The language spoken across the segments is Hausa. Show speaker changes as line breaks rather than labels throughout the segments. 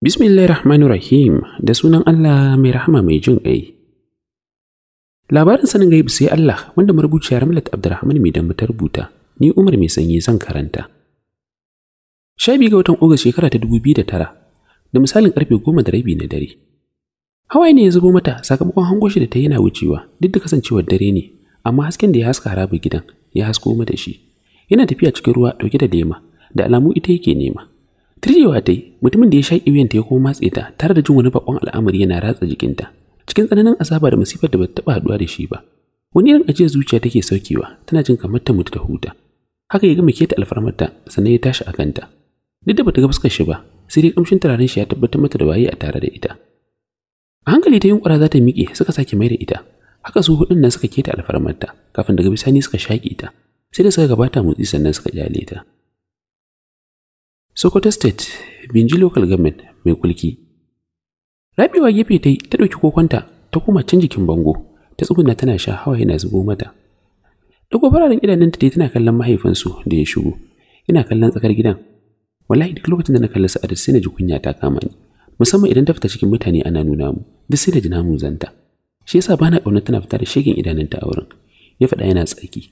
Bismillahirrahmanirrahim da sunan Allah mai rahama mai jin ƙai. Labarin sanin gaibu sai Allah wanda marubuciya Ramlat Abdurrahman mai dambu ta rubuta, ni Umar mai sanyi zan karanta. Sha ga watan Ogas shekara ta dubu biyu da tara, da misalin karfe goma da rabi na dare. Hawaye ne ya zubo mata sakamakon hango shi da ta yana wucewa duk da kasancewar dare ne amma hasken da ya haska harabu gidan ya hasko mata shi yana tafiya cikin ruwa dauke da lema da alamu ita yake nema tirjewa ta mutumin da ya shaƙi wuyanta ya kuma matse ta tare da jin wani bakon al'amari yana ratsa jikinta cikin tsananin asaba da masifar da bata taɓa haduwa da shi ba wani irin ajiyar zuciya take saukewa tana jin kamar ta mutu ta huta haka ya gama keta alfarmarta sannan ya tashi a kanta duk da bata ga fuskar shi ba sai dai kamshin turaren shi ya tabbatar mata da waye a tare da ita a hankali ta yunkura za ta miƙe suka sake mai da ita haka su hudun nan suka keta alfarmarta kafin daga bisani suka shaƙe ta sai da suka gabata motsi sannan suka kyale ta sokoto state binji local government mai kulki rabewa gefe ta yi ta ɗauki kokonta ta koma can jikin bango ta tsuguna tana sha hawa yana zubo mata Ɗauko fararen idanun ta dai tana kallon mahaifinsu da ya shigo ina kallon tsakar gidan wallahi duk lokacin da na kalli sa'adar sai na ji kunya ta kama ni musamman idan ta fita cikin mutane ana nuna mu duk sai da ji namu zanta shi yasa bana ƙaunar tana fita da shegin idanunta a wurin ya faɗa yana tsaki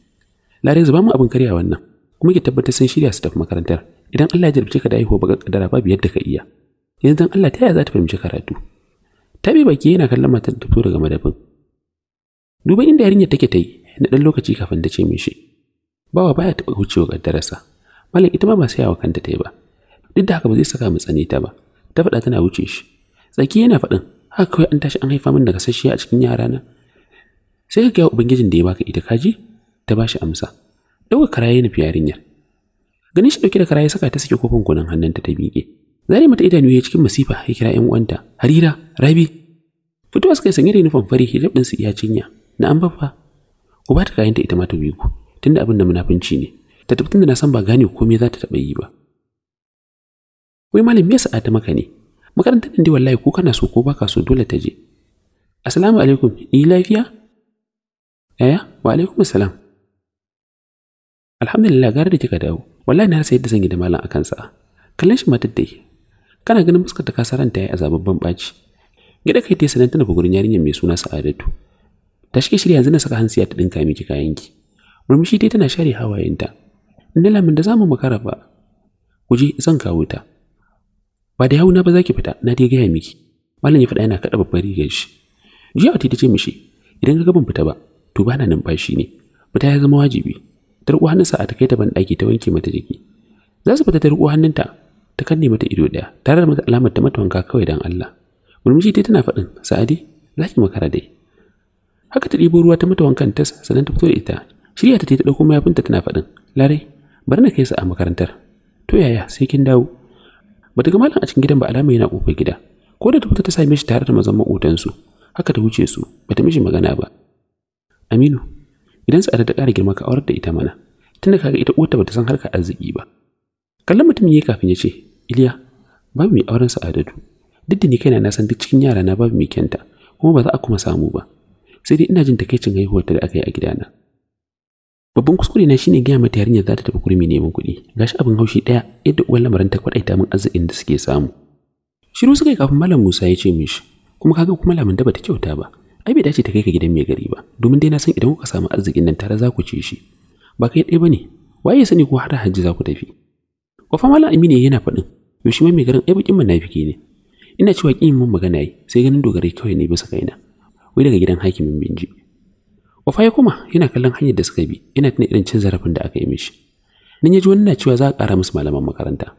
lare zuba mu abin karya wannan kuma ki tabbatar sun shirya su tafi makarantar idan Allah ya jarabce ka da aihuwa baka kadara babu yadda ka iya yanzu dan Allah ta yaya za ta fahimci karatu bi baki yana kallon matar da fito daga madafin duba inda yarinyar take ta yi na ɗan lokaci kafin ta ce mishi bawa baya taɓa wucewa kaddararsa malam ita ma ba sai yawa kanta ta yi ba duk da haka ba zai saka mu tsane ta ba ta faɗa tana wuce shi tsaki yana faɗin haka kawai an tashi an haifa min daga sashiya a cikin yara na. sai ka gaya ubangijin da ya baka ita kaji ta ba shi amsa ɗauka karaye nufi yarinyar ganin shi ɗauke da karaye saka ta sake kofin kunan hannunta ta miƙe zare mata idanu ya cikin masifa ya kira 'yan uwanta harira rabi fitowa suka yi sanye da yunifom fari hijab su iya cinya na an baffa ku ba ta kayanta ita ma ta biyu tunda abin da munafunci ne ta tabbatar da na san ba gane komai za ta taɓa yi ba wai malam me sa'a ta maka ne makarantar din dai wallahi ko kana so ko baka so dole ta je assalamu alaikum ni lafiya yaya wa alaikum assalam alhamdulillah gara da kika dawo wallahi na rasa yadda zan yi da malam akan sa kallon shi matar dai kana ganin fuskar ta kasaranta yayi azababban baci gida kai tayi sanan tana gurin yarinyar mai suna sa'adatu ta shike shirya yanzu na saka hansiya ta dinka miki ki murmushi dai tana share hawayenta in da lamin da zamu makara ba ku zan kawo ta ba da yauna ba zaki fita na dai gaya miki malam ya fada yana kada babbar rigar shi jiya wata ta ce mishi idan ka ban fita ba to ba na numfashi ne fita ya zama wajibi ta riƙo hannunsa a ta kai ta ban ɗaki ta wanke mata jiki za su fita ta riƙo hannunta ta kanne mata ido ɗaya tare da mata alamar ta mata wanka kawai dan Allah murmushi dai tana faɗin sa'adi za ki makara dai haka ta ɗibo ruwa ta mata wankan tas sannan ta fito da ita shirya ta ta ɗauko mayafinta tana faɗin larai bari na kai sa a makarantar to yaya sai kin dawo Ba daga malam a cikin gidan ba alama yana kofar gida ko da ta ta same shi tare da mazan maƙotansu haka ta wuce su ba ta mishi magana ba aminu idan tsada ta ƙara girma ka aurar da ita mana tunda kaga ita uwarta ba ta san harkar arziki ba kallon mutum ne kafin ya ce iliya babu mai auren sa'adatu duk da ni kaina na san duk cikin yara na babu mai kyanta kuma ba za a kuma samu ba sai dai ina jin takaicin haihuwar da aka yi a gidana babban kuskure na shine gaya mata yarinya za ta tafi kurmi neman kuɗi gashi abin haushi ɗaya yadda uwar lamarin ta kwaɗaita min arzikin da suke samu shiru suka yi kafin malam musa ya ce mishi kuma kaga kuma lamun da bata kyauta ba ai bai dace ta kai ka gidan mai gari ba domin dai na san idan kuka samu arzikin nan tare za ku ci shi ba kai ɗaya ne, waye ya sani ko har hajji za ku tafi ko fa malam aminu yana faɗin yaushe mai garin ai bakin munafiki ne ina cewa kin mun magana yi sai ganin dogare kawai ne bisa kaina wai daga gidan hakimin binji Wafa ya koma yana kallon hanyar da suka bi yana tuna irin cin zarafin da aka yi mishi. Nan ya ji wani na cewa za a ƙara musu malaman makaranta.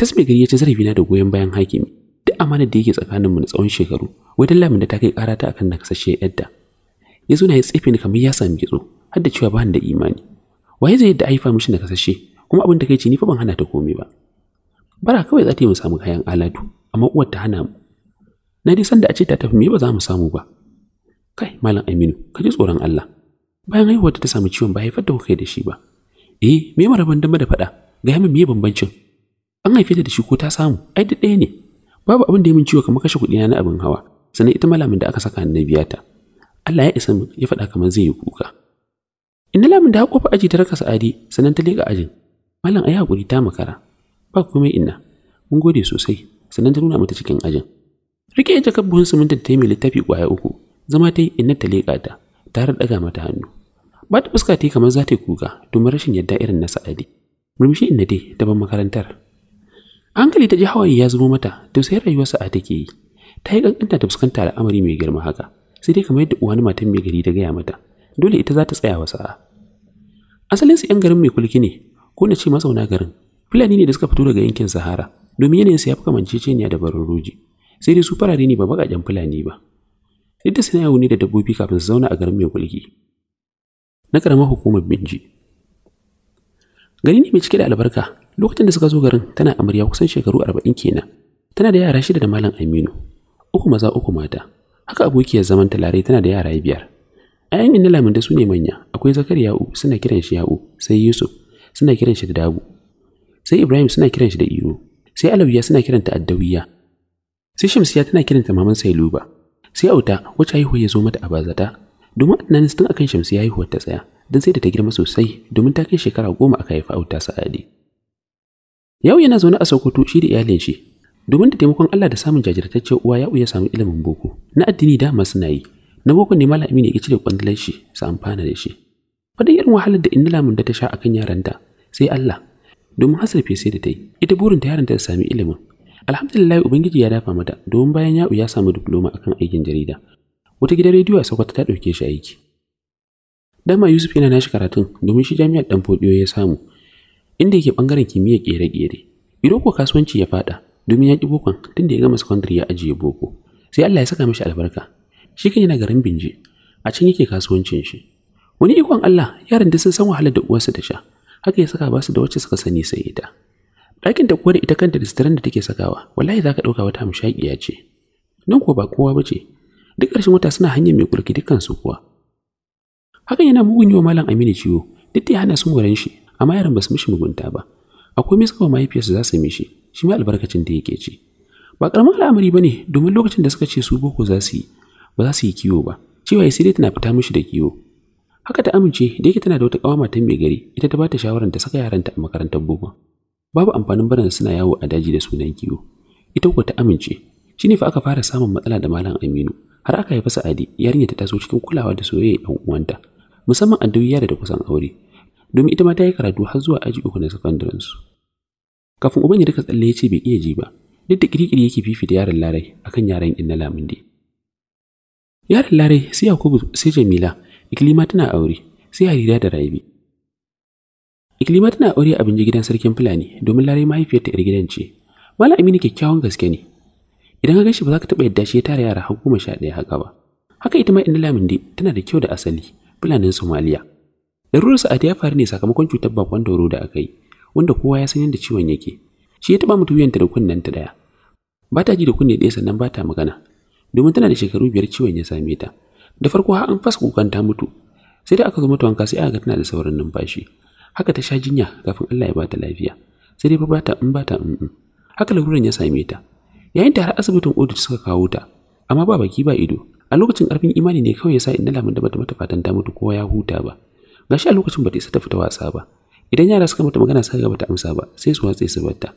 Tas gari ya ci zarafina da goyon bayan hakimi duk amana da yake tsakaninmu na tsawon shekaru wai lamin da ta kai ƙara ta akan kasashe yadda. Ya zo na ya tsefe ni kamar ya sami kitso har da cewa ba da imani. Waye zai yadda haifa mishi kasashe? kuma abin da kai ce ni fa ban hana ta komai ba. Bara kawai za ta yi mu samu kayan alatu amma uwar ta hana mu. Na dai san da a ce ta tafi me ba za mu samu ba kai malam aminu ka ji tsoron allah bayan haihuwar ta samu ciwon ba haifar da kai da shi ba eh me ban dama da faɗa ga yamin me bambancin an haife ta da shi ko ta samu ai duk ɗaya ne babu abin da ya min ciwo kamar kashe kuɗi na abin hawa sannan ita malamin da aka saka na biya ta Allah ya isa min ya faɗa kamar zai yi kuka Inna lamin da kofa aji ta raka sa'adi sannan ta leƙa ajin malam ayi hakuri ta makara ba komai inna mun gode sosai sannan ta nuna mata cikin ajin rike jakar buhun simintin ta yi mai littafi ƙwaya uku zama ta yi inna ta leƙa ta tare daga mata hannu ba ta fuska ta yi kamar za ta yi kuka domin rashin yadda irin na sa'adi murmushi inna dai ta ban makarantar hankali ta ji hawaye ya zubo mata sai rayuwar a take yi ta yi kankanta ta fuskanta al'amari mai girma haka sai dai kamar yadda uwa na matan mai gari ta gaya mata dole ita za ta tsaya wa sa'a asalin su 'yan garin mai kulki ne ko na ce mazauna garin fulani ne da suka fito daga yankin sahara domin yanayinsu ya fi kamanceceniya da barin roji sai dai su farare ne ba baƙaƙen fulani ba duk da suna yawo ne da dabbobi kafin su zauna a garin mai kulki na karamar hukumar binji gari ne mai cike da albarka lokacin da suka zo garin tana amarya kusan shekaru arba'in kenan tana da yara shida da malam aminu uku maza uku mata haka abokiyar zaman talare tana da yara biyar ayan inna lamun da su ne manya akwai ya'u suna kiran shi ya'u sai yusuf suna kiran shi da dabu sai ibrahim suna kiran shi da iro sai alawiya suna kiranta addawiya sai shamsiya tana kiranta maman sailuba sai auta wacce haihuwa ya zo mata a bazata domin tunanin tun akan kan ya haihuwar ta tsaya don sai da ta girma sosai domin ta kai shekara goma aka haifa auta sa'adi yau yana zaune a sokoto shi da iyalin shi domin da taimakon Allah da samun jajirtacciyar uwa ya ya samu ilimin boko na addini da suna yi na boko ne malami ne ya cire kwandalar shi su amfana da shi wadda irin wahalar da inda lamun da ta sha akan yaranta sai Allah domin hasarfe sai da ta yi ita burinta yaranta ta sami ilimin alhamdulillah ubangiji ya dafa mata domin bayan ya'u ya samu diploma akan aikin jarida wata gidan rediyo a sokoto ta ɗauke shi aiki dama yusuf yana nashi karatun domin shi jami'ar dan fodiyo ya samu inda yake bangaren kimiyya kere-kere ko kasuwanci ya fada domin ya ki bokon tunda ya gama secondary ya ajiye boko sai Allah ya saka mishi albarka shi kan yana garin binje a can yake kasuwancin shi wani ikon Allah yaran da sun san wahalar da uwarsa ta sha haka ya saka ba su da wacce suka sani sai ita ɗakin ta kuwa da ita kanta ristiran da take sakawa wallahi za ka ɗauka wata mushaƙiya ce nan kuwa ba kowa ba ce duk ƙarshen wata suna hanyar mai kulki dukkansu kuwa hakan yana mugun yi wa malam aminu ciwo duk da ya hana su moran shi amma yaran ba su mishi mugunta ba akwai mai suka mahaifiyarsa za su mishi shi ma albarkacin da yake ci ba karamin al'amari ba ne domin lokacin da suka ce su boko za su yi ba za su yi kiwo ba cewa ya sai dai tana fita mishi da kiwo haka ta amince da yake tana da wata kawama matan mai gari ita ta ba ta shawarar ta saka yaranta a makarantar boko babu amfanin barin suna yawo a daji da sunan kiwo ita kuwa ta amince shi ne fa aka fara samun matsala da malam aminu har aka haifi sa'adi yarinya ta taso cikin kulawa da soyayya ɗan uwanta musamman a yare da kusan aure domin ita ma ta yi karatu har zuwa aji uku na sakandaren su kafin uban ya duka tsalle ya ce bai iya ji ba duk da kirkiri yake fifita yaron larai akan yaran inna lamindi yaron larai sai yakubu sai jamila iklima tana aure sai harira da rabi Ikilima tana aure a binji gidan sarkin Fulani domin larai mahaifiyarta 'yar gidan ce. Malam Aminu kyakkyawan gaske ne. Idan ka gashi ba za ka taɓa yadda shi ya tara yara har goma sha ɗaya haka ba. Haka ita ma lamin dai tana da kyau da asali Fulanin Somaliya. Larurar Sa'ad ya faru ne sakamakon cutar bakon dauro da aka yi, wanda kowa ya san yadda ciwon yake. Shi ya taɓa mutu wuyanta da kunnen ta ɗaya. Ba ta ji da kunne ɗaya sannan ba ta magana, domin tana da shekaru biyar ciwon ya same ta. Da farko har an fasa kukan ta mutu, sai da aka zo mata wanka sai aka ga tana da numfashi. haka ta sha jinya kafin Allah ya bata lafiya sai dai fa bata in bata in haka laruran ya same ta yayin da har asibitin Odu suka kawo ta amma ba baki ba ido a lokacin karfin imani ne kawai yasa inda lamun da bata mata fatan ta mutu kowa ya huta ba gashi a lokacin bata isa ta fita wasa ba idan yara suka mata magana sai ga bata amsa ba sai su watse su bata.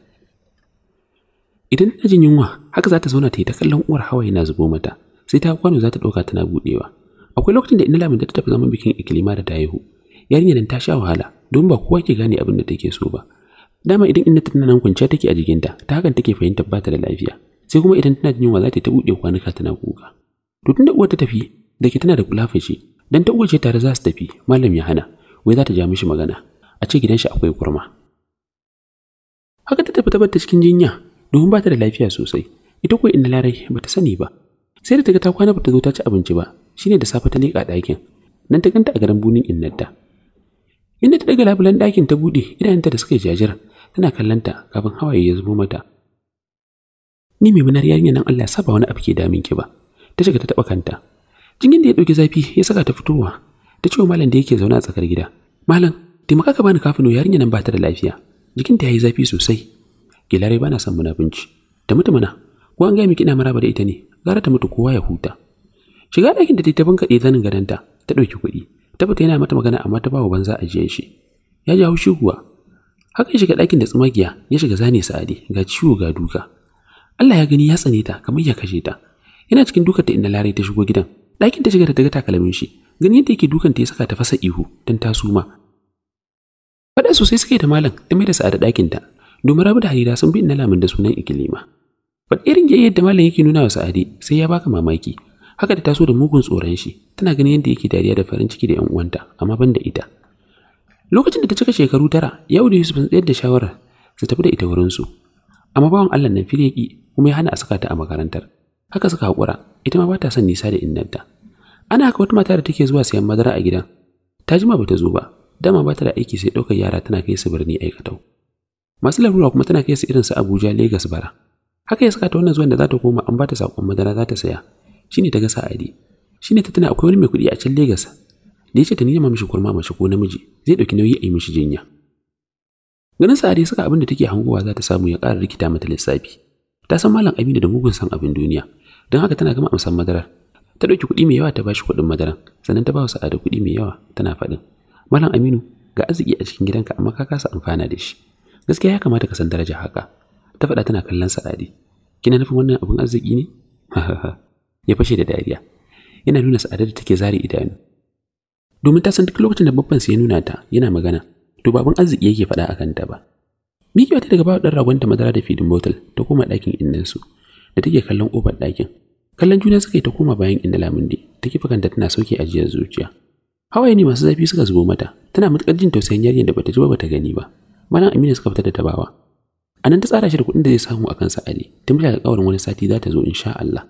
idan ta jin yunwa haka za ta zauna ta yi ta kallon uwar hawaye na zubo mata sai ta kwano za ta ɗauka tana buɗewa akwai lokacin da inna lamun ta tafi zaman bikin iklima da ta haihu yarinyar ta sha wahala don ba kowa ke gane abin da take so ba dama idan inna tana nan kwanciya take a jikinta ta hakan take fahimtar ba ta da lafiya sai kuma idan tana jin yunwa za ta ta buɗe kwanuka tana kuka to tunda uwar ta tafi da ke tana da kula fashi dan ta uwar ce tare za su tafi malam ya hana wai za ta ja mishi magana a ce gidan shi akwai kurma haka ta tafi ta cikin jinya domin ba ta da lafiya sosai ita ko inna larai ba ta sani ba sai da ta ga ta kwana ba ta zo ta ci abinci ba shine da safe ta leƙa ɗakin nan ta ganta a garin bunin innarta Inda ta daga labulen ɗakin ta buɗe idanunta da suka yi jajir tana kallonta kafin hawaye ya zubo mata. Ni mai munar yarinya nan Allah saba wani abu ke damin ki ba. Ta shiga ta taɓa kanta. Jingin da ya ɗauki zafi ya saka ta fitowa. Ta ce wa malam da yake zaune a tsakar gida. Malam, taimaka ka bani kafin yarinya nan ba ta da lafiya. Jikinta ya yi zafi sosai. Gilare bana na son munafunci. Ta mutu mana, ko an gaya miki ina maraba da ita ne, gara ta mutu kowa ya huta. Shiga ɗakin da ta ta bankaɗe zanin gadonta, ta ɗauki kuɗi. tabbata yana mata magana amma ta bawa banza a jiyan shi ya ji haushi kuwa haka ya shiga ɗakin da tsumagiya ya shiga zane sa'adi ga ciwo ga duka Allah ya gani ya tsane ta kamar ya kashe ta yana cikin dukanta inda lare ta shigo gidan ɗakin ta shiga ta daga takalmin shi gani yadda yake dukanta ya saka ta fasa ihu don ta suma faɗa sosai suka yi da malam ta mai da sa'ada ta domin rabu da harira sun bi inna lamin da sunan ikilima faɗa irin yadda malam yake nuna wa sa'adi sai ya baka mamaki haka ta so da mugun tsoron shi tana ganin yadda yake dariya da farin ciki da yan uwanta amma ban da ita lokacin da ta cika shekaru tara yau da yusuf sun tsayar da shawarar su tafi da ita su amma bawan allah nan fileki kuma ya hana a saka ta a makarantar haka suka haƙura ita ma ba ta son nisa da innanta ana haka wata mata da take zuwa sayan madara a gidan ta jima ba ta zo ba dama ba ta da aiki sai ɗaukar yara tana kai su birni aikatau masu larura kuma tana kai su irin su abuja lagos bara haka ya saka ta wannan zuwan da za ta koma an ba ta saƙon madara za ta saya shine ta ga sa'adi shine ta tana akwai wani mai kuɗi a can Legas da ya ce ta nima mishi kurma mace ko namiji zai dauki nauyi a yi mishi jinya ganin sa'adi suka abin da take hangowa za ta samu ya ƙara rikita mata lissafi ta san malam Aminu da mugun san abin duniya don haka tana gama amsan madarar ta ɗauki kuɗi mai yawa ta bashi kuɗin madaran sannan ta ba wa da kuɗi mai yawa tana faɗin malam aminu ga arziki a cikin gidanka amma ka kasa amfana da shi gaskiya ya kamata ka san daraja haka ta faɗa tana kallon sa'adi kina nufin wannan abin arziki ne ya fashe da dariya yana nuna sa'adar da take zare idanu domin ta san duk lokacin da babban sai ya nuna ta yana magana to baban arziki yake faɗa akan ta ba miki wata daga bawa ɗan ragon ta madara da feeding bottle ta koma ɗakin su da take kallon ƙofar ɗakin kallon juna suka yi ta koma bayan inda lamundi ta kifa kanta tana sauke ajiyar zuciya hawaye ne masu zafi suka zubo mata tana matuƙar jin tausayin yarinyar da bata ji ba bata gani ba malam Amina suka fita da tabawa a nan ta tsara shi da kuɗin da zai samu a kan sa'adi tun bila wani sati za ta zo insha Allah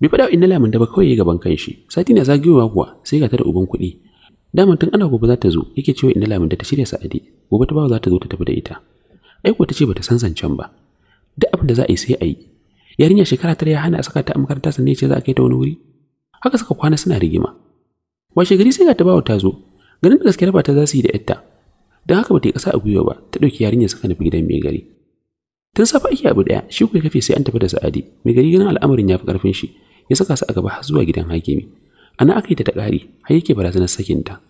bai faɗa inna lamun da ba kawai ya gaban kanshi sati na zagiyowa kuwa sai ga ta da uban kuɗi Dama tun ana gobe za ta zo yake cewa inna lamun da ta shirya sa'adi gobe ta bawa za ta zo ta tafi da ita aiko ta ce bata san zancen ba duk abin da za a yi sai a yi yarinya shekara tara ya hana saka ta a makaranta sannan ya ce za a kai ta wani wuri haka suka kwana suna rigima washe gari sai ga ta bawa ta zo ganin da gaskiya ba ta za su yi da yatta don haka ba ta yi ƙasa a gwiwa ba ta ɗauki yarinya suka nufi gidan mai gari tun safa ake abu ɗaya shi kuwa kafe sai an tafi da sa'adi mai gari ganin al'amarin ya fi ƙarfin shi ya saka su a gaba har zuwa gidan hakimi ana aka yi ta takari har yake barazanar sakinta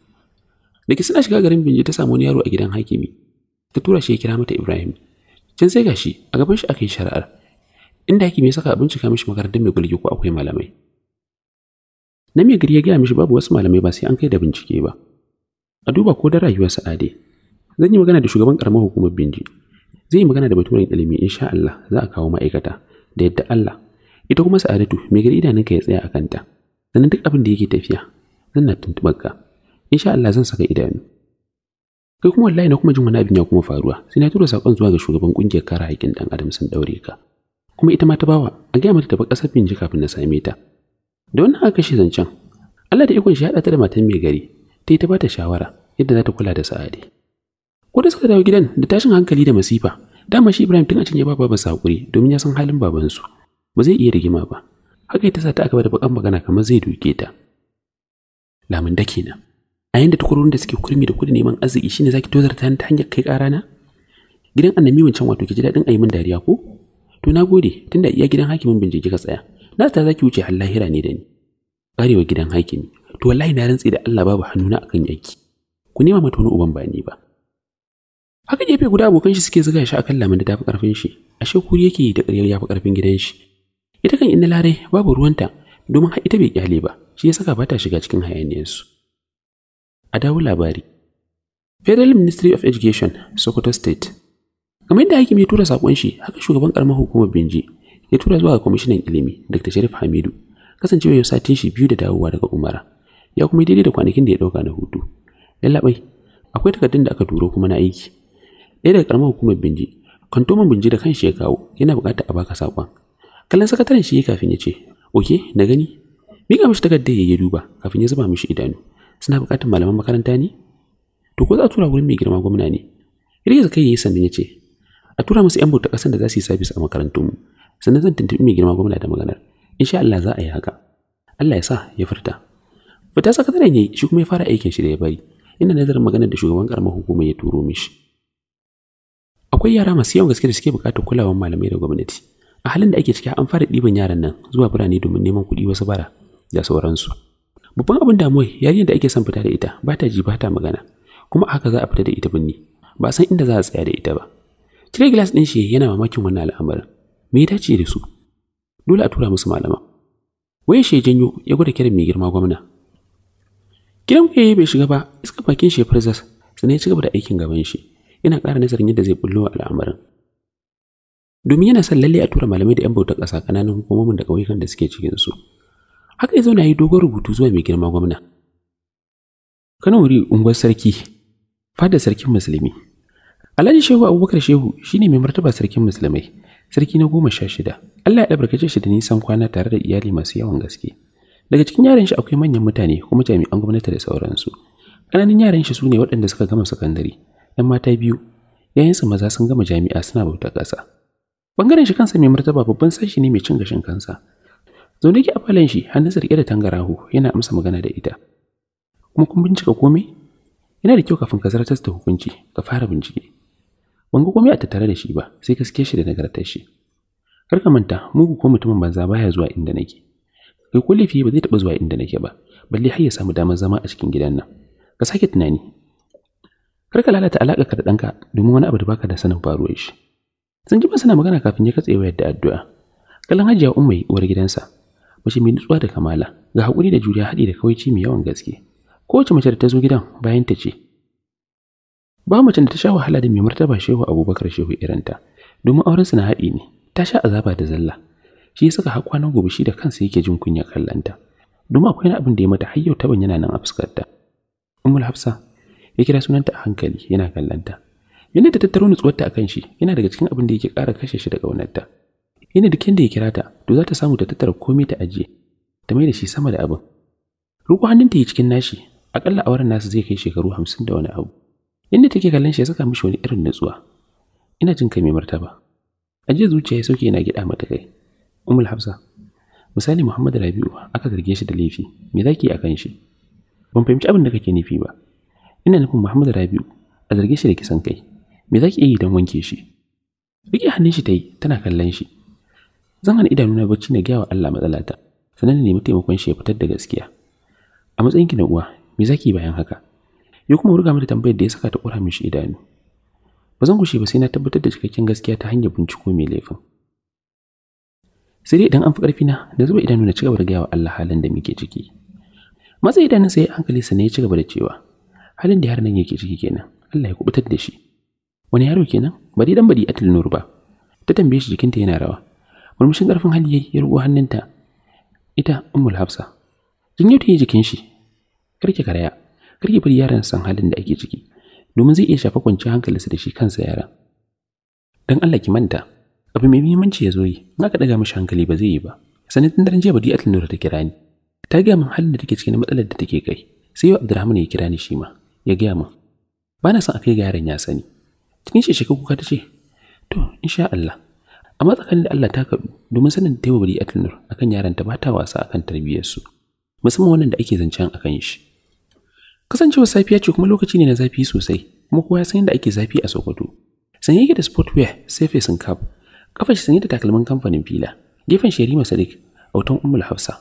da ki suna shiga garin binji ta samu wani yaro a gidan hakimi ta tura shi ya kira mata ibrahim can sai gashi a gaban shi aka yi shari'ar inda hakimi ya saka bincika mishi makarantar mai gulgi ko akwai malamai na mai gari ya gaya mishi babu wasu malamai ba sai an kai da bincike ba a duba ko da rayuwar sa'ade zan yi magana da shugaban karamar hukumar binji zai yi magana da baturen ilimi insha Allah za a kawo ma'aikata da yadda Allah ita kuma sa'adatu mai gari idanunka ya tsaya a kanta sannan duk abin da yake tafiya zan na tuntuɓar ka insha Allah zan saka idanu kai kuma wallahi na kuma jin wani abin ya kuma faruwa sai na tura sakon zuwa ga shugaban kungiyar kare haƙƙin dan adam sun daure ka kuma ita ma ta bawa a gaya mata ta ba kasar binji kafin na same ta da wannan aka kashe zancen Allah da ikon shi ya da matan mai gari ta yi ta bata shawara yadda za ta kula da sa'adi ko da suka dawo gidan da tashin hankali da masifa dama shi Ibrahim tun a ya ba babansa hakuri domin ya san halin babansu ba zai iya rigima ba haka ita sa ta aka bada bakan magana kamar zai duke ta lamun da kenan a yanda tukurorin da suke kurmi da kudi neman arziki shine zaki tozarta ta hanyar kai karana gidan annabi wancan wato ki ji dadin yi min dariya ko to na gode tunda iya gidan hakimin bincike ka tsaya na ta zaki wuce har lahira ne da ni karewa gidan hakimi to wallahi na rantsi da Allah babu hannuna akan yaki ku nema mata wani uban ba ni ba haka gefe guda abokan shi suke zuga shi akan lamun da tafi karfin shi ashe kuri yake da ƙaryar yafi karfin gidan shi ita kan inna larai babu ruwanta domin har ita bai kyale ba shi ya saka bata shiga cikin hayaniyarsu a dawo labari federal ministry of education sokoto state kamar yadda hakim ya tura sakon shi haka shugaban karamar hukumar binji ya tura zuwa ga kwamishinan ilimi dr sharif hamidu kasancewa yau satin shi biyu da dawowa daga umara ya kuma daidai da kwanakin da ya dauka na hutu lallabai akwai takardun da aka turo kuma na aiki ɗaya daga karamar hukumar binji kantoman binji da kan shi ya kawo yana buƙatar a baka sakon kallon sakataren shi kafin ya ce oke na gani miƙa mishi takardar ya yi duba kafin ya zuba mishi idanu suna buƙatar malaman makaranta ne to ko za a tura wurin mai girma gwamna ne Iriya kai yayi sannan ya ce a tura musu yan bauta ƙasan da za su yi sabis a mu sannan zan tuntuɓi mai girma gwamna da maganar insha Allah za a yi haka Allah ya sa ya furta fita sakataren yayi shi kuma ya fara aikin shi da ya bari ina nazarin maganar da shugaban karamar hukumar ya turo mishi akwai yara masu yawan gaske da suke bukatar kulawar malamai da gwamnati a halin da ake ciki an fara ɗiban yaran nan zuwa birane domin neman kuɗi wasu bara da sauransu babban abin damuwai yayin da ake son fita da ita ba ta ji ba ta magana kuma haka za a fita da ita binni ba san inda za a tsaya da ita ba cire glass ɗin shi yana mamakin wannan al'amarin me ya dace da su dole a tura musu malama waye shi janyo ya gwada kiran mai girma gwamna gidan kwaye bai shiga ba iska bakin shi farzas sannan ya ci gaba da aikin gaban shi yana ƙara nazarin yadda zai bullo al'amarin domin yana son lalle a tura malamai da 'yan bautar ƙasa ƙananan hukumomin da ƙauyukan da suke cikinsu. Haka ya zauna na yi dogon rubutu zuwa mai girma gwamna. Kano wuri unguwar sarki, fada sarkin musulmi. Alhaji Shehu Abubakar Shehu shine mai martaba sarkin musulmai, sarki na goma sha shida. Allah ya ɗabarkace shi da nisan kwana tare da iyali masu yawan gaske. Daga cikin yaran shi akwai manyan mutane kuma jami'an gwamnati da sauransu. Ƙananan yaran shi su ne waɗanda suka gama sakandare, ‘yan mata biyu, ‘ya'yansu maza sun gama jami'a suna bauta ƙasa. Bangaren shi kansa mai martaba babban sashi ne mai cin gashin kansa. Zaune ki a falon shi hannunsa riƙe da tangarahu yana amsa magana da ita. Kuma kun bincika komai? Yana da kyau kafin ka zartar da hukunci ka fara bincike. Ban ga komai a tattare da shi ba sai ka sike shi da nagartar shi. Kar ka manta mugu ko mutumin banza baya zuwa inda nake. Kai ko laifi ba zai taɓa zuwa inda nake ba balle har ya samu damar zama a cikin gidan nan. Ka sake tunani. Kar ka lalata alaƙarka da ɗanka domin wani abu da baka da sanin faruwar shi. sun jima suna magana kafin ya katse wayar da addu'a kallon hajiya umma uwar gidansa mace mai nutsuwa da kamala ga hakuri da juriya haɗi da kawaici mai yawan gaske kowace mace da ta zo gidan bayan ta ce ba macen da ta sha wahala da mai martaba shehu abubakar shehu irinta domin aurensu na haɗi ne ta sha azaba da zalla shi ya saka haƙwa na gobe shi da kansa yake jin kunya kallanta domin akwai wani abin da ya mata hayyau ta taban yana nan a fuskarta ummul hafsa ya kira sunanta a hankali yana kallanta yana da tattaro nutsuwarta akan shi yana daga cikin abin da yake ƙara kashe shi da ƙaunarta. Yana da kyan da ya kira ta, to za ta samu ta tattara komai ta ajiye, ta mai da shi sama da abin. Ruku ta yi cikin nashi, akalla auren nasu zai kai shekaru hamsin da wani abu. inda take kallon shi ya saka mishi wani irin nutsuwa. Ina jin kai mai martaba. Ajiye zuciya ya sauke yana gida mata kai. Umul Hafsa. Misali Muhammad Rabi'u aka zarge shi da laifi, me zaki yi akan shi? Ban fahimci abin da kake nufi ba. Ina nufin Muhammad Rabi'u a zarge shi da kisan kai. me za ki iya yi don wanke shi riƙe hannun shi ta yi tana kallon shi zan hana idanuna bacci na gaya wa Allah matsalata sannan na nemi taimakon shi ya fitar da gaskiya a matsayin ki na uwa me za ki yi bayan haka ya kuma ruga mata tambayar da ya saka ta ƙura shi idanu ba zan gushe ba sai na tabbatar da cikakken gaskiya ta hanyar binciko mai laifin sai dai idan an fi ƙarfina, na da zuba idanu na cigaba da gaya wa Allah halin da muke ciki matsayi idanun sai hankali sa ya cigaba da cewa halin da yaran nan yake ciki kenan Allah ya kubutar da shi wani yaro kenan ba dai dan bari atul nur ba ta tambaye shi jikinta yana rawa murmushin karfin hali yayi ya rugo hannunta ita ummul hafsa kin ta yi jikin shi karki karaya karki bari yaran san halin da ake ciki domin zai iya shafa kwanci hankalinsa da shi kansa yaran dan Allah ki manta abu mai muhimmanci ya zo yi Na aka daga mishi hankali ba zai yi ba sanin tun daren jiya badi atul nur ta kira ni ta gaya min halin da take cikin matsalar da take kai sai yau Abdulrahman ya kira ni shi ma ya gaya min ba na son a kai ga yaran ya sani Cikin shi shiga kuka ta ce, To, insha Allah. A matsakanin da Allah ta kaɗu domin sanin da taimabari a tunur a kan yaranta ba ta wasa a kan tarbiyyarsu, musamman wannan da ake zancen a kan shi. kasancewa safiya ce kuma lokaci ne na zafi sosai, kuma kowa ya san yadda ake zafi a Sokoto. Sanye yake da sportwear sai fesin cap, kafa shi sanye da takalmin kamfanin fila, gefen shi Yarima Sadiq, autan Ummul Hafsa.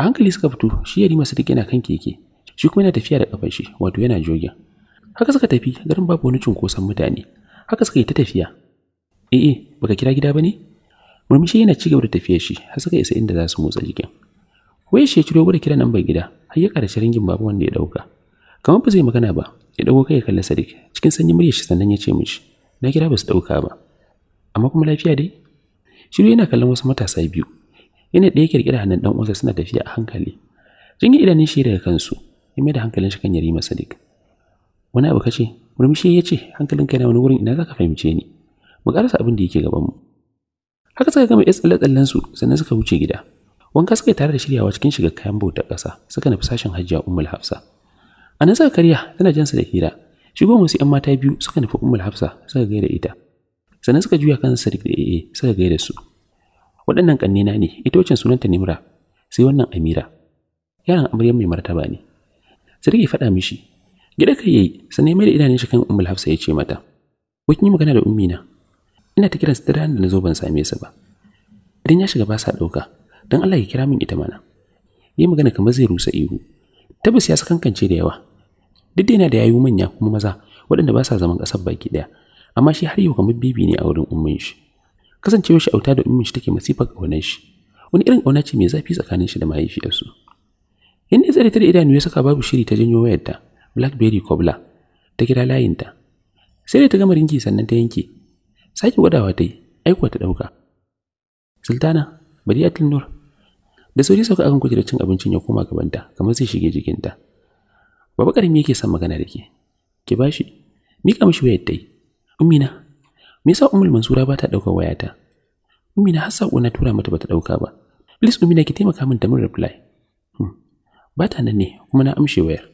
A hankali suka fito, shi Yarima Sadiq yana kan keke, shi kuma yana tafiya da kafar shi, wato yana jogin. haka suka tafi garin babu wani cunkoson mutane haka suka yi ta tafiya eh, eh baka kira gida bane murmushi yana cigaba da tafiyar shi har suka isa inda za su motsa jikin wai shi ya ciro gudu kira lambar gida har ya karshe ringin babu wanda ya dauka kamar ba zai magana ba ya dago kai ya kalli Sadiq cikin sanyin muryar shi sannan ya ce mishi na kira ba su dauka ba amma kuma lafiya dai shiru yana kallon wasu matasa biyu yana ɗaya kirkira hannun dan uwansa suna tafiya a hankali jingin idanun shi daga kansu ya mai da hankalin shi kan yarima Sadiq wani abu kace murmushi ya ce hankalinka yana wani wurin ina za fahimce ni mu karasa abin da yake mu haka suka gama yas tsalle su sannan suka wuce gida wanka suka tare da shiryawa cikin shiga kayan bauta ƙasa suka nufi sashen hajjiya ummul hafsa a nan suka karya tana jan su da hira shigo musu yan mata biyu suka nufi ummul hafsa suka gaida ita sannan suka juya kan sadiq da ee suka gaida su waɗannan kannena ne ita wacce sunanta nimra sai wannan amira yaran amaryar mai martaba ne sadiq ya faɗa mishi Gida kai yayi, sannan mai da idanun shi kan Ummul Hafsa ya ce mata, Wai kin yi magana da ummi na?" Ina ta kira su da nazo na zo ban same su ba. Idan ya shiga ba sa ɗauka, don Allah ya kira min ita mana. Yi magana kamar zai rusa ihu. Tabbas ya sakankance da yawa. Duk da yana da yayu manya kuma maza waɗanda ba sa zaman ƙasar baki ɗaya, amma shi har yau kamar bibi ne a wurin ummin shi. Kasancewar shi auta da ummin shi take masifar ƙaunar shi. Wani irin ƙauna ce mai zafi tsakanin shi da mahaifiyarsu. Yanda ya tsare ta da idanu ya saka babu shiri ta janyo wayarta. blackberry cobbler ta kira layinta sai da ta gama rinki sannan ta yanke sake gwadawa ta yi aikuwa ta ɗauka sultana bari a nur da sauri sauka akan kujera cin abincin ya koma gabanta kamar zai shige jikinta baba karimi yake son magana da ke ki bashi mika mishi wayar ta yi. ummina me yasa umul mansura ba ta dauka wayata ummina har sako na tura mata bata ɗauka ba please umina, ki taimaka min da mun reply hmm, Bata nan ne kuma na amshe wayar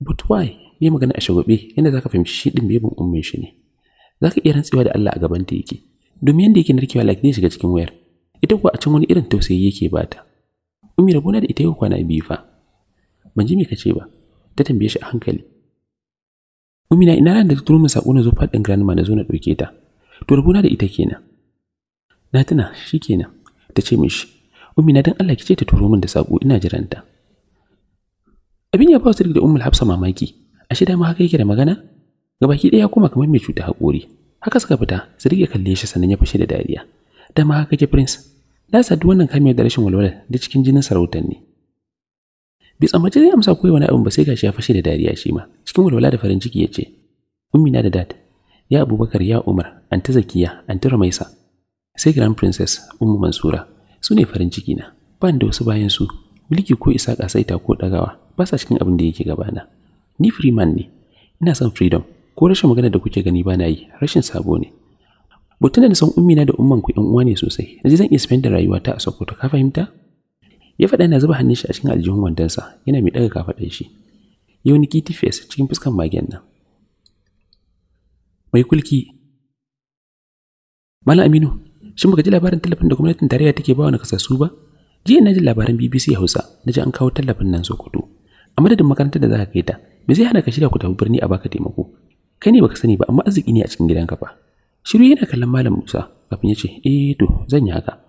but why yi magana a shagwabe yadda zaka fahimci shi din bebin ummin shi ne zaka iya rantsewa da Allah a gaban ta yake domin yadda yake narkewa like ne shiga cikin wayar ita kuwa a can wani irin tausayi yake bata ummi rabona da ita yau kwana biyu fa ban ji me kace ba ta tambaye shi a hankali ummi na ina ran da ta turo min sako na zo faɗin grandma na zo na ɗauke ta to rabona da ita kenan na tuna kenan. ta ce mishi ummi na dan Allah kice ta turo min da sako ina jiranta abin ya ba da ummul hafsa mamaki ashe ma haka yake da magana gabaki ɗaya kuma kamar mai cuta haƙori haka suka fita su rike kalle shi sannan ya fashe da dariya ma haka ke prince na sadu wannan kamiyar da rashin walwala da cikin jinin sarautar ne bai tsammaci zai amsa koyi wani abin ba sai gashi ya fashe da dariya shi ma cikin walwala da farin ciki ya ce ummi na da dad ya abubakar ya umar anti zakiya anti ramaisa sai grand princess ummu mansura su ne farin ciki na ban da wasu bayan su mulki ko isa saita ko dagawa ba sa cikin abin da yake gabana ni free ne ina son freedom ko rashin magana da kuke gani ba na yi rashin sabo ne Butun da san ummina da umman ku ƴan uwa ne sosai. Yanzu zan iya spend da rayuwata a Sokoto, ka fahimta? Ya faɗa yana zuba hannun shi a cikin aljihun wandonsa, yana mai ɗaga kafaɗar shi. Ya wani kitty face cikin fuskan magen nan. Mai kulki. Malam Aminu, shin baka ji labarin tallafin da gwamnatin tarayya take ba wa kasassu ba? jiya na ji labaran bbc hausa na ji an kawo tallafin nan sokoto a madadin makarantar da za ka kai ta me zai hana ka shirya ku tafi birni a baka taimako kai ne baka sani ba amma arziki ne a cikin gidanka fa shiru yana kallon malam musa kafin ya ce eh to zan yi haka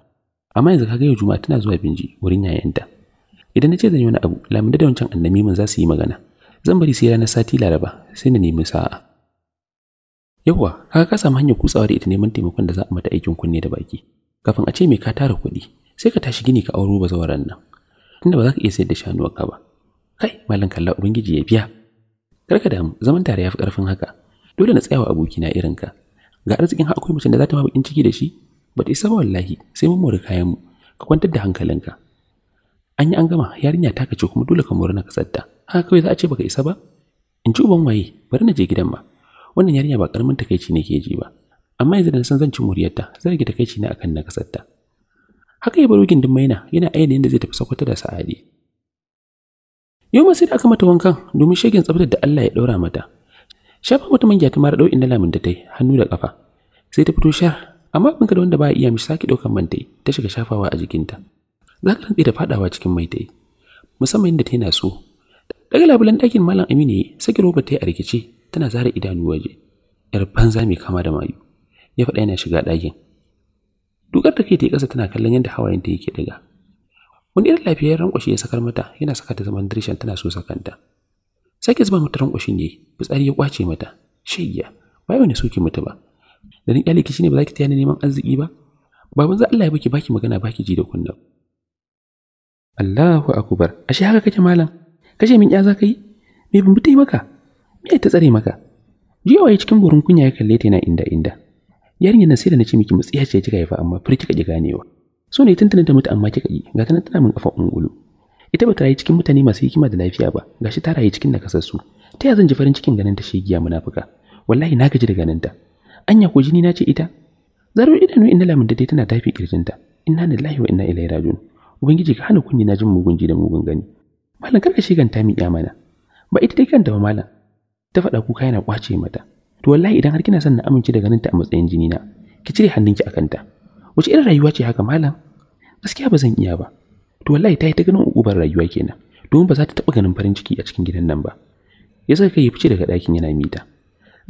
amma yanzu kaga yau juma'a tana zuwa binji wurin yayanta idan na ce zan yi wani abu lamida da wancan annami mun za su yi magana zan bari sai ranar sati laraba sai na nemi sa'a yawwa kaga ka samu hanyar kutsawa da ita neman taimakon da za a mata aikin kunne da baki kafin a ce me ka tara kuɗi sai ka tashi gini ka auro bazawaran nan tunda ba za ka iya sayar da shanuwarka ba kai malam kalla ubangiji ya biya Kar ka damu zaman tare ya fi karfin haka dole na tsayawa abokina irin ka ga arzikin har akwai mutum da za ta ma bakin ciki da shi ba ta isa ba wallahi sai mun mori kayan mu ka kwantar da hankalinka an yi an gama yarinya ta kace kuma dole ka mori na kasarta haka kawai za a ce baka isa ba in ji uban waye bari na je gidan ma wannan yarinya ba karamin takaici ne ke ji ba amma yanzu da san zan ci muriyarta zan rage shi na akan nakasarta haka ya baro gindin maina yana ayyana yadda zai tafi sakwata da sa'adi yau ma sai da aka mata wankan domin shegin tsaftar da Allah ya ɗaura mata shafa mata manja ta mara ɗau'in na lamin da ta hannu da ƙafa sai ta fito shar amma abinka da wanda ba iya mishi sake ɗaukan man ta ta shiga shafawa a jikinta za ka rantsi da faɗawa cikin mai ta yi musamman inda ta na so daga labulan ɗakin malam aminu ya sake roba ta yi a rikici tana zara idanu waje yar banza mai kama da mayu ya faɗa yana shiga ɗakin dukar da kai ta yi ƙasa tana kallon yadda ta yake daga wani irin lafiyar rankwashe ya sakar mata yana saka ta zaman dirishan tana so sakanta sake zuba mata rankwashin yayi fitsari ya kwace mata shayya bai wani soke mata ba da ni shi ne ba za ki ni neman arziki ba baban za Allah ya baki baki magana baki ji da kunna Allahu akubar ashe haka kake malam kashe min ya za ka yi. me ban bi maka me ta tsare maka jiya waye cikin burin kunya ya kalle ta yana inda inda Yarinya na sai da na ce miki mutsiya ce kika haifa amma fur kika ji ganewa so ne tuntuna ta mutu amma kika yi, ga ta tana min kafa ungulu ita ba ta rayu cikin mutane masu hikima da lafiya ba gashi ta rayu cikin nakasassu ta ya zan ji farin cikin ganin ta giya munafuka wallahi na gaji da ganin ta anya ko jini na ce ita zaro idanu inna lamun dai tana tafi ta inna lillahi wa inna ilaihi rajiun ubangiji ka hana kunni na jin mugun ji da mugun gani malam ka shiganta mi mana ba ita dai kanta ba malam ta faɗa kuka yana kwace mata to wallahi idan har kina son na amince da ganinta ta a matsayin jini na ki cire hannunki a kanta wace irin rayuwa ce haka malam gaskiya ba zan iya ba to wallahi ta yi ta ganin ukubar rayuwa kenan domin ba za ta taba ganin farin ciki a cikin gidan nan ba ya saka kai ya fice daga ɗakin yana mita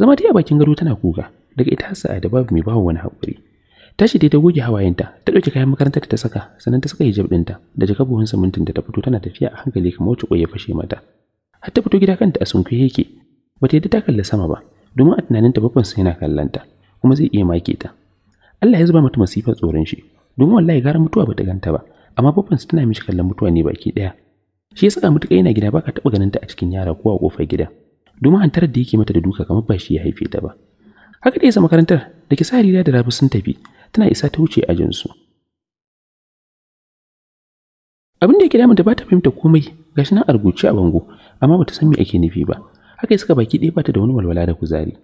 zama ta a bakin gado tana kuka daga ita har sa'a da babu mai bawa wani haƙuri tashi dai ta goge hawayenta ta ɗauki kayan makarantar da ta saka sannan ta saka hijab ɗinta da jaka buhun da ta fito tana tafiya a hankali kamar wacce ƙwai fashe mata har ta fito gida kanta a sunkuye yake bata yadda ta kalla sama ba domin a tunaninta babbansa yana kallanta kuma zai iya make ta Allah ya zuba mata masifar tsoron shi domin wallahi gara mutuwa bata ganta ba amma babbansa tana mishi kallon mutuwa ne baki daya shi ya saka mutuka yana gida baka taba ganin ta a cikin yara ko a kofar gida domin hantarar da yake mata da duka kamar ba shi ya haife ta ba haka da sa makarantar da ke sari da rabu sun tafi tana isa ta wuce a jinsu abin da yake damunta ba ta fahimta komai gashi nan a rubuce a bango amma bata san me ake nufi ba haka suka baki ɗaya bata da wani walwala da kuzari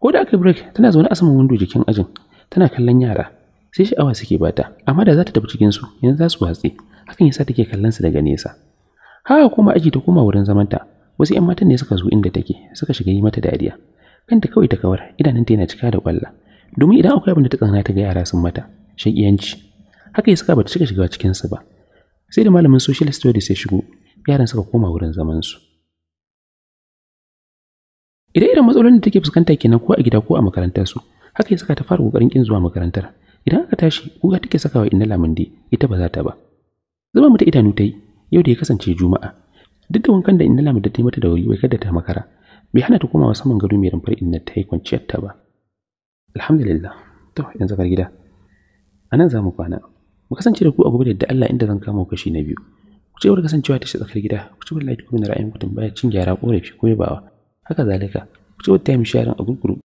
ko da aka break tana zaune a saman wando jikin ajin tana kallon yara sai sha'awa suke bata amma da za ta tafi cikin su yanzu za su watse hakan yasa take kallon su daga nesa haka kuma aji ta koma wurin zaman ta wasu 'yan matan ne suka zo inda take suka shiga yi mata dariya kanta kawai ta kawar idanunta yana cika da kwalla domin idan akwai abin da ta tsana ta ga yara sun mata shakiyanci haka yasa bata cika shiga cikin su ba sai da malamin social studies ya shigo yaran suka koma wurin zaman su ida-ida matsalolin da take fuskanta kenan ko a gida ko a makarantar su. Haka ya saka ta fara kokarin kin zuwa makarantar. Idan aka tashi, kuga take sakawa inna lamande, ita ba za ta ba. Zuba mata idanu ta yi, yau da ya kasance Juma'a. Duk da wankan da inna da ta yi mata da wuri bai kada ta makara. Bai hana ta komawa saman gado mai rumfar inna ta yi kwanciyar ta ba. Alhamdulillah. To, yanzu kar gida. A nan za mu kwana. Mu kasance da ku a gobe da Allah inda zan kama kashi na biyu. Ku ce kasancewa ta shi tsakar gida. Ku ci wallahi na ra'ayin ku tambaya cin gyara korafi ko yabawa. haka zalika ku ci time sharing a gurguru